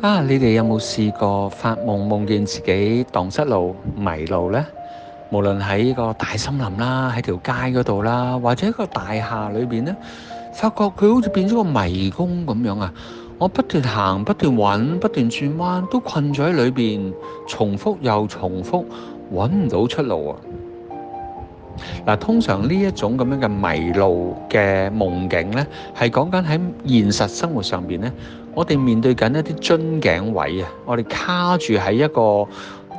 啊！你哋有冇試過發夢夢見自己蕩失路迷路呢？無論喺個大森林啦，喺條街嗰度啦，或者一個大廈裏邊呢，發覺佢好似變咗個迷宮咁樣啊！我不斷行，不斷揾，不斷轉彎，都困咗喺裏邊，重複又重複揾唔到出路啊！嗱，通常呢一種咁樣嘅迷路嘅夢境呢，係講緊喺現實生活上邊呢，我哋面對緊一啲樽頸位啊，我哋卡住喺一個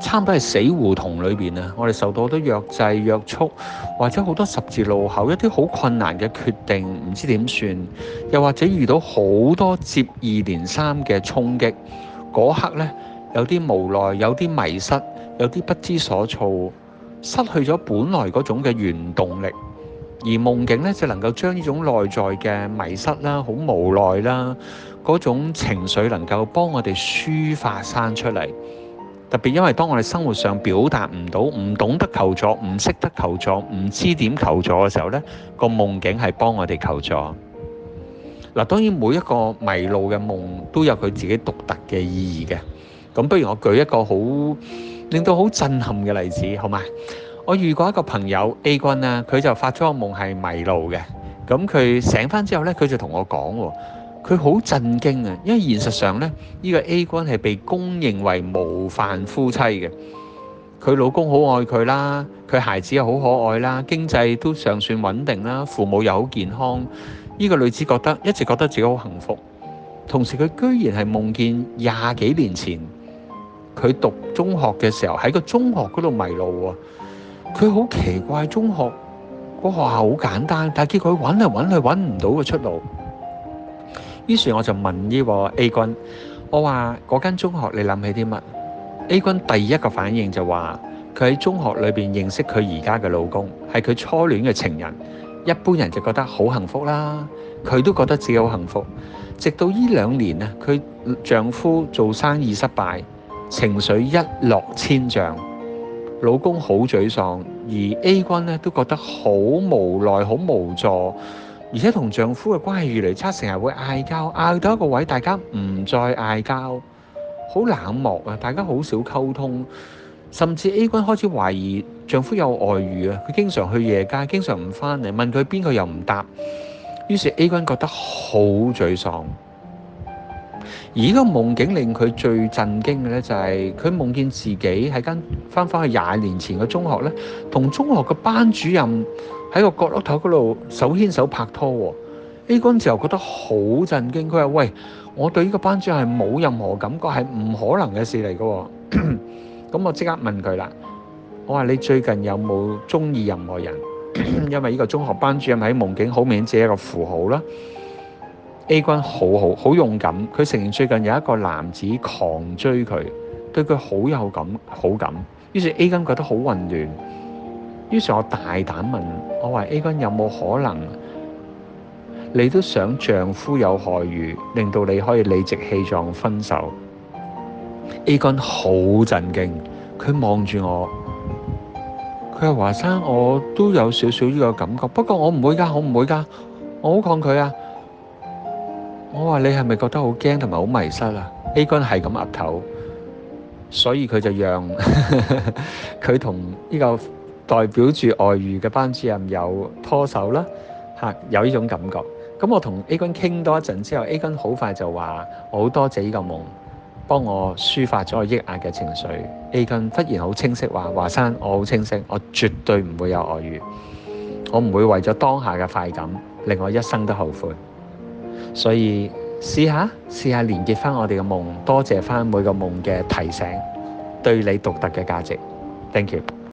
差唔多係死胡同裏邊啊，我哋受到好多約制約束，或者好多十字路口一啲好困難嘅決定，唔知點算，又或者遇到好多接二連三嘅衝擊，嗰刻呢，有啲無奈，有啲迷失，有啲不知所措。失去咗本來嗰種嘅原動力，而夢境呢就能夠將呢種內在嘅迷失啦，好無奈啦，嗰種情緒能夠幫我哋抒發生出嚟，特別因為當我哋生活上表達唔到，唔懂得求助，唔識得求助，唔知點求助嘅時候呢,個夢境係幫我哋求助。嗱，當然每一個迷路嘅夢都有佢自己獨特嘅意義嘅。咁不如我舉一個好令到好震撼嘅例子，好嗎？我遇過一個朋友 A 君啊，佢就發咗個夢係迷路嘅。咁佢醒翻之後呢，佢就同我講喎、啊，佢好震驚啊，因為現實上呢，呢、呢個 A 君係被公認為模範夫妻嘅。佢老公好愛佢啦，佢孩子又好可愛啦，經濟都尚算穩定啦，父母又好健康。呢、呢個女子覺得一直覺得自己好幸福，同時佢居然係夢見廿幾年前。佢讀中學嘅時候喺個中學嗰度迷路喎、哦。佢好奇怪，中學個學校好簡單，但係結果佢揾嚟揾去揾唔到個出路。於是我就問呢個 A 君，我話嗰間中學你諗起啲乜？A 君第一個反應就話佢喺中學裏邊認識佢而家嘅老公，係佢初戀嘅情人。一般人就覺得好幸福啦，佢都覺得自己好幸福。直到呢兩年咧，佢丈夫做生意失敗。情緒一落千丈，老公好沮喪，而 A 君咧都覺得好無奈、好無助，而且同丈夫嘅關係越嚟越差，成日會嗌交，嗌、啊、到一個位，大家唔再嗌交，好冷漠啊，大家好少溝通，甚至 A 君開始懷疑丈夫有外遇啊，佢經常去夜街，經常唔返嚟，問佢邊個又唔答，於是 A 君覺得好沮喪。而呢個夢境令佢最震驚嘅咧，就係佢夢見自己喺間翻返去廿年前嘅中學咧，同中學嘅班主任喺個角落頭嗰度手牽手拍拖，哦。呢，這個時候覺得好震驚，佢話：喂，我對呢個班主任係冇任何感覺，係唔可能嘅事嚟嘅，哦。咁、 嗯、我即刻問佢啦，我話你最近有冇中意任何人？ 因為呢個中學班主任喺夢境好明顯係一個符號啦。A 君好好好勇敢，佢承認最近有一個男子狂追佢，對佢好有感好感。於是 A 君覺得好混亂。於是我大膽問，我話：A 君有冇可能，你都想丈夫有外遇，令到你可以理直氣壯分手？A 君好震驚，佢望住我，佢話：華山，我都有少少呢個感覺，不過我唔會㗎，我唔會㗎，我好抗拒啊！我話你係咪覺得好驚同埋好迷失啊？A 君係咁岌頭，所以佢就讓佢同呢個代表住外遇嘅班主任有拖手啦，嚇有呢種感覺。咁我同 A 君傾多一陣之後，A 君好快就話：我好多謝呢個夢，幫我抒發咗我抑壓嘅情緒。A 君忽然好清晰話：華山，我好清晰，我絕對唔會有外遇，我唔會為咗當下嘅快感令我一生都後悔。所以試下試下連結翻我哋嘅夢，多謝翻每個夢嘅提醒，對你獨特嘅價值。Thank you。